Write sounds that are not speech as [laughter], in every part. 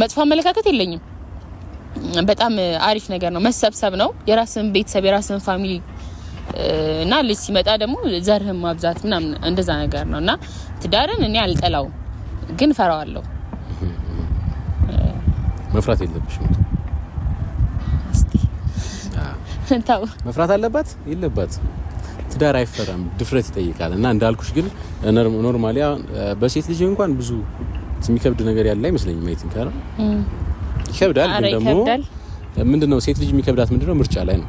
መጥፎ አመለካከት የለኝም። በጣም አሪፍ ነገር ነው። መሰብሰብ ነው የራስን ቤተሰብ የራስን ፋሚሊ እና ልጅ ሲመጣ ደግሞ ዘርህን ማብዛት ምናምን እንደዛ ነገር ነው እና ትዳርን እኔ አልጠላው ግን ፈራዋለሁ። መፍራት የለብሽም። [laughs] መፍራት አለባት የለባት ትዳር አይፈራም፣ ድፍረት ይጠይቃል እና እንዳልኩሽ ግን ኖርማሊያ በሴት ልጅ እንኳን ብዙ የሚከብድ ነገር ያለ አይመስለኝም። አይ ቲንክ ይከብዳል፣ ግን ደግሞ ምንድነው ሴት ልጅ የሚከብዳት ምንድነው ምርጫ ላይ ነው።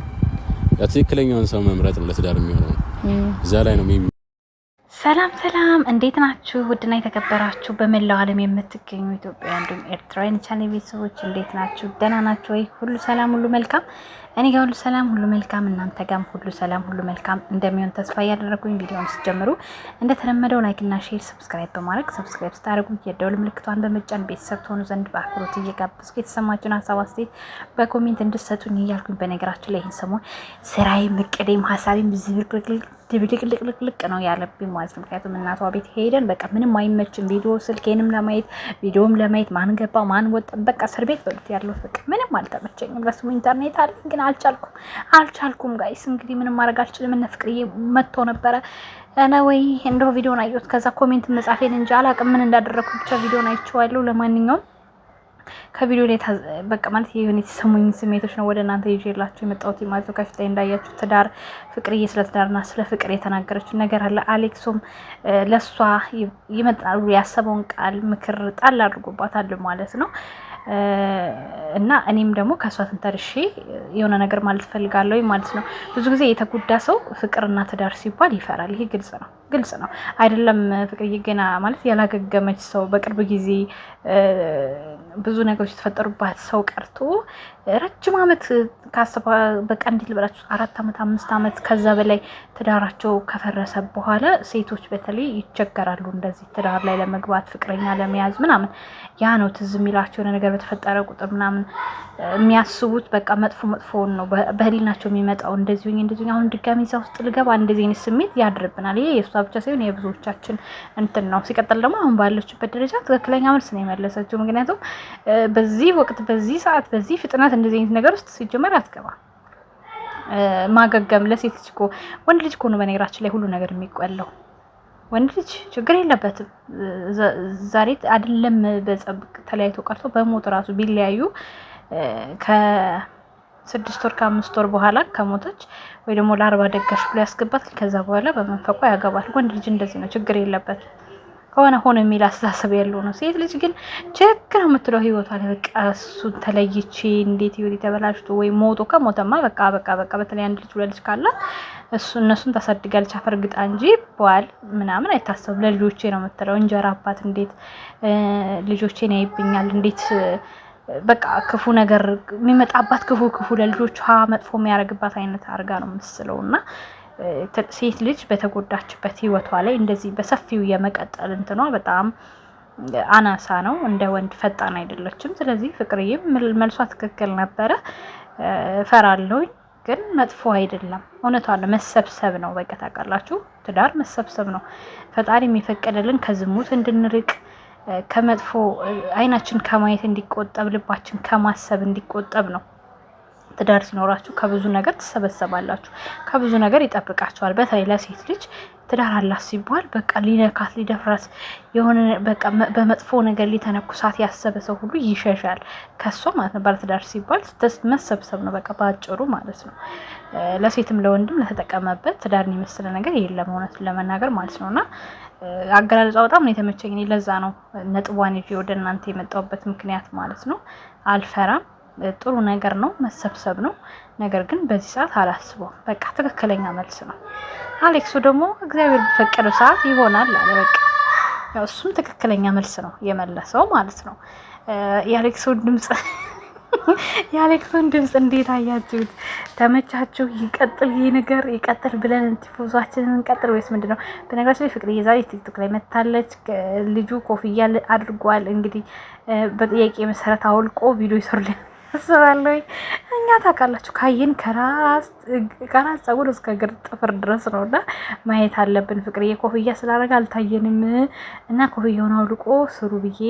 ትክክለኛውን ሰው መምረጥ ነው ለትዳር የሚሆነው እዛ ላይ ነው። ሰላም ሰላም፣ እንዴት ናችሁ? ውድና የተከበራችሁ በመላው ዓለም የምትገኙ ኢትዮጵያውያን እንዲሁም ኤርትራውያን ቻናል ቤተሰቦች እንዴት ናችሁ? ደህና ናችሁ ወይ? ሁሉ ሰላም፣ ሁሉ መልካም። እኔ ጋር ሁሉ ሰላም፣ ሁሉ መልካም። እናንተ ጋርም ሁሉ ሰላም፣ ሁሉ መልካም እንደሚሆን ተስፋ እያደረጉኝ ቪዲዮውን ስትጀምሩ እንደተለመደው ላይክና ሼር፣ ሰብስክራይብ በማድረግ ሰብስክራይብ ስታደርጉ የደውል ምልክቷን በመጫን ቤተሰብ ትሆኑ ዘንድ በአክብሮት እየጋበዝኩ የተሰማችሁን ሀሳብ አስተያየት በኮሜንት እንድትሰጡኝ እያልኩኝ በነገራችሁ ላይ ይህን ሰሞን ስራዬ፣ እቅዴም ሀሳቤም ዝብርቅልቅልቅ ድብድቅልቅልቅ ነው ያለብኝ ማለት ማለት ነው። ምክንያቱም እናቷ ቤት ሄደን በቃ ምንም አይመችም። ቪዲዮ ስልኬንም ለማየት ቪዲዮም ለማየት ማን ገባ ማን ወጣ፣ በቃ እስር ቤት በሉት ያለው በቃ ምንም አልተመቸኝም። ለስሙ ኢንተርኔት አለኝ ግን አልቻልኩም አልቻልኩም። ጋይስ እንግዲህ ምንም ማድረግ አልችልም። እነ ፍቅርዬ መጥቶ ነበረ እና ወይ እንደው ቪዲዮን አየሁት። ከዛ ኮሜንት መጻፌን እንጂ አላቅም ምን እንዳደረግኩ ብቻ ቪዲዮን አይቼዋለሁ። ለማንኛውም ከቪዲዮ ላይ በቃ ማለት የሆነ የተሰሙኝ ስሜቶች ነው ወደ እናንተ ይዤላችሁ የመጣሁት ማለት ነው። ከፊት ላይ እንዳያችሁ ትዳር ፍቅርዬ ስለ ትዳርና ስለ ፍቅር የተናገረችው ነገር አለ። አሌክሶም ለእሷ ይመጣሉ ያሰበውን ቃል ምክር ጣል አድርጎባታል ማለት ነው። እና እኔም ደግሞ ከእሷ ተንተርሼ የሆነ ነገር ማለት ፈልጋለሁ ማለት ነው። ብዙ ጊዜ የተጎዳ ሰው ፍቅርና ትዳር ሲባል ይፈራል። ይሄ ግልጽ ነው። ግልጽ ነው አይደለም? ፍቅርዬ ገና ማለት ያላገገመች ሰው በቅርብ ጊዜ ብዙ ነገሮች የተፈጠሩባት ሰው ቀርቶ ረጅም አመት ካሰባ በቃ እንዴት ልበላችሁ አራት አመት አምስት አመት ከዛ በላይ ትዳራቸው ከፈረሰ በኋላ ሴቶች በተለይ ይቸገራሉ እንደዚህ ትዳር ላይ ለመግባት ፍቅረኛ ለመያዝ ምናምን። ያ ነው ትዝ የሚላቸው የሆነ ነገር በተፈጠረ ቁጥር ምናምን የሚያስቡት በቃ መጥፎ መጥፎውን ነው በህሊናቸው የሚመጣው እንደዚሁ እንደዚሁ አሁን ድጋሚ እዛ ውስጥ ልገባ እንደዚህ አይነት ስሜት ያድርብናል። ይሄ የእሷ ብቻ ሳይሆን የብዙዎቻችን እንትን ነው። ሲቀጥል ደግሞ አሁን ባለችበት ደረጃ ትክክለኛ መልስ ነው የመለሰችው። ምክንያቱም በዚህ ወቅት፣ በዚህ ሰዓት፣ በዚህ ፍጥነት እንደዚህ አይነት ነገር ውስጥ ሲጀመር አትገባ ማገገም ለሴት ልጅ እኮ ወንድ ልጅ እኮ ነው በነገራችን ላይ ሁሉ ነገር የሚቆለው ወንድ ልጅ ችግር የለበትም። ዛሬ አይደለም በጸብቅ ተለያይቶ ቀርቶ በሞት ራሱ ቢለያዩ ከ ስድስት ወር ከአምስት ወር በኋላ ከሞተች ወይ ደግሞ ለአርባ ደጋሽ ብሎ ያስገባታል። ከዛ በኋላ በመንፈቋ ያገባል። ወንድ ልጅ እንደዚህ ነው፣ ችግር የለበት ከሆነ ሆኖ የሚል አስተሳሰብ ያለው ነው። ሴት ልጅ ግን ችክ ነው የምትለው ህይወቷ ላይ በቃ እሱን ተለይቼ እንዴት ህይወት የተበላሽቶ ወይ ሞቶ ከሞተማ በቃ በቃ በቃ በተለይ አንድ ልጅ ሁለልጅ ካላት እሱ እነሱን ታሳድጋለች አፈርግጣ እንጂ በዋል ምናምን አይታሰብም። ለልጆቼ ነው የምትለው እንጀራ አባት እንዴት ልጆቼን ያይብኛል እንዴት በቃ ክፉ ነገር የሚመጣባት ክፉ ክፉ ለልጆቿ መጥፎ የሚያደርግባት አይነት አድርጋ ነው የምስለው እና ሴት ልጅ በተጎዳችበት ህይወቷ ላይ እንደዚህ በሰፊው የመቀጠል እንትኗ በጣም አናሳ ነው። እንደ ወንድ ፈጣን አይደለችም። ስለዚህ ፍቅርዬም መልሷ ትክክል ነበረ። እፈራለሁኝ ግን መጥፎ አይደለም። እውነቷ ነው። መሰብሰብ ነው። በቃ ታውቃላችሁ፣ ትዳር መሰብሰብ ነው። ፈጣሪ የሚፈቀደልን ከዝሙት እንድንርቅ ከመጥፎ አይናችን ከማየት እንዲቆጠብ፣ ልባችን ከማሰብ እንዲቆጠብ ነው። ትዳር ሲኖራችሁ ከብዙ ነገር ትሰበሰባላችሁ፣ ከብዙ ነገር ይጠብቃችኋል። በተለይ ለሴት ልጅ ትዳር አላት ሲባል በቃ ሊነካት ሊደፍራት የሆነ በቃ በመጥፎ ነገር ሊተነኩሳት ያሰበ ሰው ሁሉ ይሸሻል ከሷ ማለት ነው። ባለትዳር ሲባል መሰብሰብ ነው በቃ በአጭሩ ማለት ነው። ለሴትም ለወንድም ለተጠቀመበት ትዳርን የመሰለ ነገር የለም እውነቱን ለመናገር ማለት ነው እና አገላለጿ በጣም ነው የተመቸኝ። ለዛ ነው ነጥቧን ይዤ ወደ እናንተ የመጣሁበት ምክንያት ማለት ነው። አልፈራም፣ ጥሩ ነገር ነው መሰብሰብ ነው። ነገር ግን በዚህ ሰዓት አላስበውም። በቃ ትክክለኛ መልስ ነው። አሌክሱ ደግሞ እግዚአብሔር በፈቀደው ሰዓት ይሆናል አለ። በቃ እሱም ትክክለኛ መልስ ነው የመለሰው ማለት ነው። የአሌክሱን ድምፅ የአሌክሱን ድምፅ እንዴት አያችሁት? ተመቻችሁ? ይቀጥል ይሄ ነገር ይቀጥል ብለን ቲፎዟችንን እንቀጥል ወይስ ምንድን ነው? በነገራችን ላይ ፍቅርዬ ዛሬ ቲክቶክ ላይ መታለች። ልጁ ኮፍያ አድርጓል። እንግዲህ በጥያቄ መሰረት አውልቆ ቪዲዮ ይሰሩልን አስባለሁ። እኛ ታውቃላችሁ፣ ካየን ከራስ ጸጉር እስከ እግር ጥፍር ድረስ ነው እና ማየት አለብን። ፍቅርዬ ኮፍያ ስላደረገ አልታየንም እና ኮፍያውን አውልቆ ስሩ ብዬ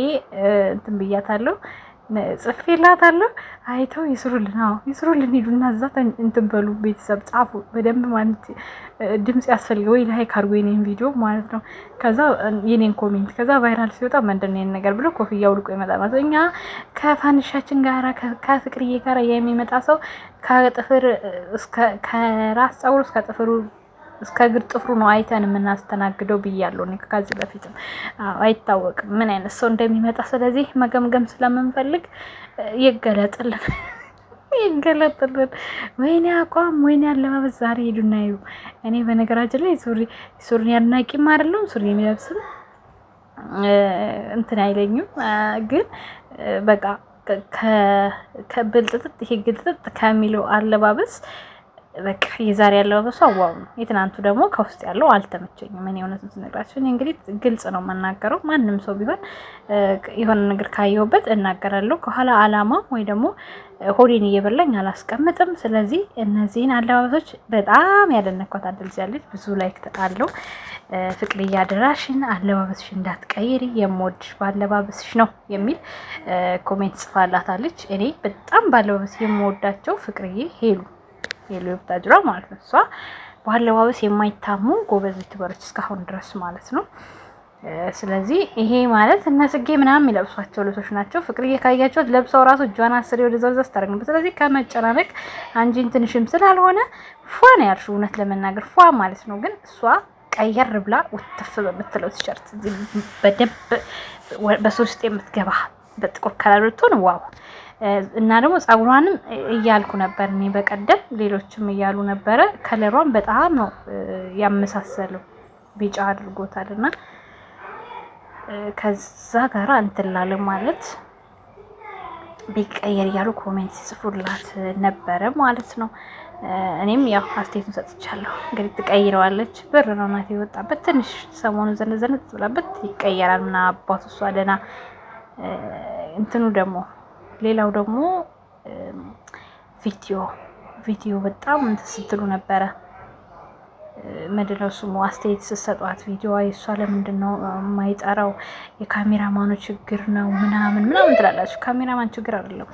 እንትን ብያታለሁ። ጽፌላታለሁ። አይተው ይስሩልን፣ አዎ ይስሩልን። ሂዱና እዛ እንትን በሉ ቤተሰብ ጻፉ በደንብ ማለት ድምፅ ያስፈልገ ወይ ላይክ አድርጎ የኔን ቪዲዮ ማለት ነው። ከዛ የኔን ኮሜንት ከዛ ቫይራል ሲወጣ ምንድን ይሄን ነገር ብሎ ኮፍያ ውልቆ ይመጣል ማለት እኛ ከፋንሻችን ጋራ ከፍቅርዬ ጋራ የሚመጣ ሰው ከጥፍር ከራስ ጸጉር እስከ ጥፍሩ እስከ እግር ጥፍሩ ነው አይተን የምናስተናግደው ብያለሁ። እኔ ከዚህ በፊትም አይታወቅም ምን አይነት ሰው እንደሚመጣ። ስለዚህ መገምገም ስለምንፈልግ ይገለጥልን ይገለጥልን። ወይኔ አቋም፣ ወይኔ አለባበስ ዛሬ ሄዱና ይሉ። እኔ በነገራችን ላይ ሱሪ አድናቂም አይደለሁም ሱሪ የሚለብስም እንትን አይለኝም ግን በቃ ከብልጥጥ ይሄ ግልጥጥ ከሚለው አለባበስ በቃ የዛሬ ያለባበሱ ዋው ነው። የትናንቱ ደግሞ ከውስጥ ያለው አልተመቸኝም። እኔ እውነቱን እኔ እንግዲህ ግልጽ ነው የምናገረው። ማንም ሰው ቢሆን የሆነ ነገር ካየሁበት እናገራለሁ። ከኋላ አላማ ወይ ደግሞ ሆዴን እየበላኝ አላስቀምጥም። ስለዚህ እነዚህን አለባበሶች በጣም ያደነኳት አደልዝ ያለች ብዙ ላይክ አለው። ፍቅር እያደራሽን አለባበስሽ እንዳትቀይሪ የምወድሽ በአለባበስሽ ነው የሚል ኮሜንት ጽፋላታለች። እኔ በጣም በአለባበስ የምወዳቸው ፍቅርዬ ሄሉ የልዩ ብታጅራ ማለት ነው። እሷ በአለባበስ የማይታሙ ጎበዝ ትበረች እስካሁን ድረስ ማለት ነው። ስለዚህ ይሄ ማለት እነ ጽጌ ምናምን የሚለብሷቸው ልብሶች ናቸው። ፍቅርዬ ካያቸውት ለብሰው ራሱ እጇን አስር ወደ ዘርዘ ስታደርግ ነበር። ስለዚህ ከመጨናነቅ አንጂን ትንሽም ስላልሆነ ፏ ነው ያልሽ፣ እውነት ለመናገር ፏ ማለት ነው። ግን እሷ ቀየር ብላ ውትፍ በምትለው ቲሸርት በደንብ በሶስት የምትገባ በጥቁር ከለር ብትሆን ዋው እና ደግሞ ጸጉሯንም እያልኩ ነበር እኔ በቀደም ሌሎችም እያሉ ነበረ። ከለሯን በጣም ነው ያመሳሰለው ቢጫ አድርጎታል። እና ከዛ ጋራ እንትላለ ማለት ቢቀየር እያሉ ኮሜንት ሲጽፉላት ነበረ ማለት ነው። እኔም ያው አስተያየቱን ሰጥቻለሁ። እንግዲህ ትቀይረዋለች። ብር ነው ናት የወጣበት ትንሽ ሰሞኑ ዘነዘነት ብላበት ይቀየራል ምናምን አባቱ እሷ ደህና እንትኑ ደግሞ ሌላው ደግሞ ቪዲዮ ቪዲዮ በጣም እንትን ስትሉ ነበረ። መድረሱ አስተያየት ስትሰጧት ቪዲዮ የእሷ ለምንድን ነው የማይጠራው? የካሜራማኑ ችግር ነው ምናምን ምናምን ትላላችሁ። ካሜራማን ችግር አይደለም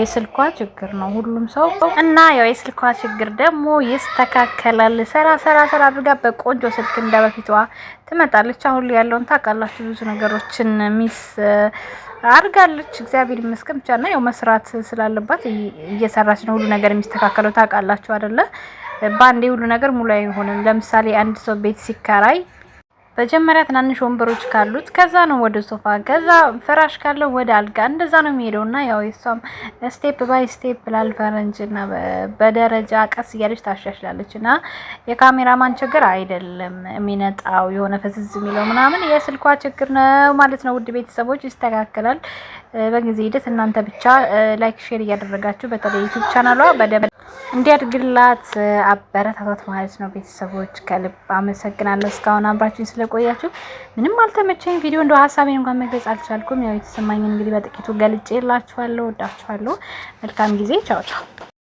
የስልኳ ችግር ነው። ሁሉም ሰው እና ያው የስልኳ ችግር ደግሞ ይስተካከላል። ሰራ ሰራ ሰራ አድርጋ በቆንጆ ስልክ እንደበፊቷ ትመጣለች። አሁን ያለውን ታውቃላችሁ ብዙ ነገሮችን ሚስ አድርጋለች። እግዚአብሔር ይመስገን። ብቻ እና ያው መስራት ስላለባት እየሰራች ነው። ሁሉ ነገር የሚስተካከለው ታውቃላችሁ አይደለ? በአንዴ ሁሉ ነገር ሙሉ አይሆንም። ለምሳሌ አንድ ሰው ቤት ሲከራይ መጀመሪያ ትናንሽ ወንበሮች ካሉት ከዛ ነው ወደ ሶፋ፣ ከዛ ፍራሽ ካለው ወደ አልጋ፣ እንደዛ ነው የሚሄደው እና ያው የሷም ስቴፕ ባይ ስቴፕ ላልፈረንጅ እና በደረጃ ቀስ እያለች ታሻሽላለች እና የካሜራማን ችግር አይደለም የሚነጣው የሆነ ፈዝዝ የሚለው ምናምን የስልኳ ችግር ነው ማለት ነው። ውድ ቤተሰቦች ይስተካከላል በጊዜ ሂደት። እናንተ ብቻ ላይክ ሼር እያደረጋችሁ በተለይ ዩቱብ ቻናሏ በደንብ እንዲያድግላት አበረታታት ማለት ነው። ቤተሰቦች ከልብ አመሰግናለሁ እስካሁን አብራችሁኝ ስለቆያችሁ። ምንም አልተመቸኝ ቪዲዮ እንደው ሀሳቤን እንኳን መግለጽ አልቻልኩም። ያው የተሰማኝን እንግዲህ በጥቂቱ ገልጬላችኋለሁ። ወዳችኋለሁ። መልካም ጊዜ። ቻው ቻው።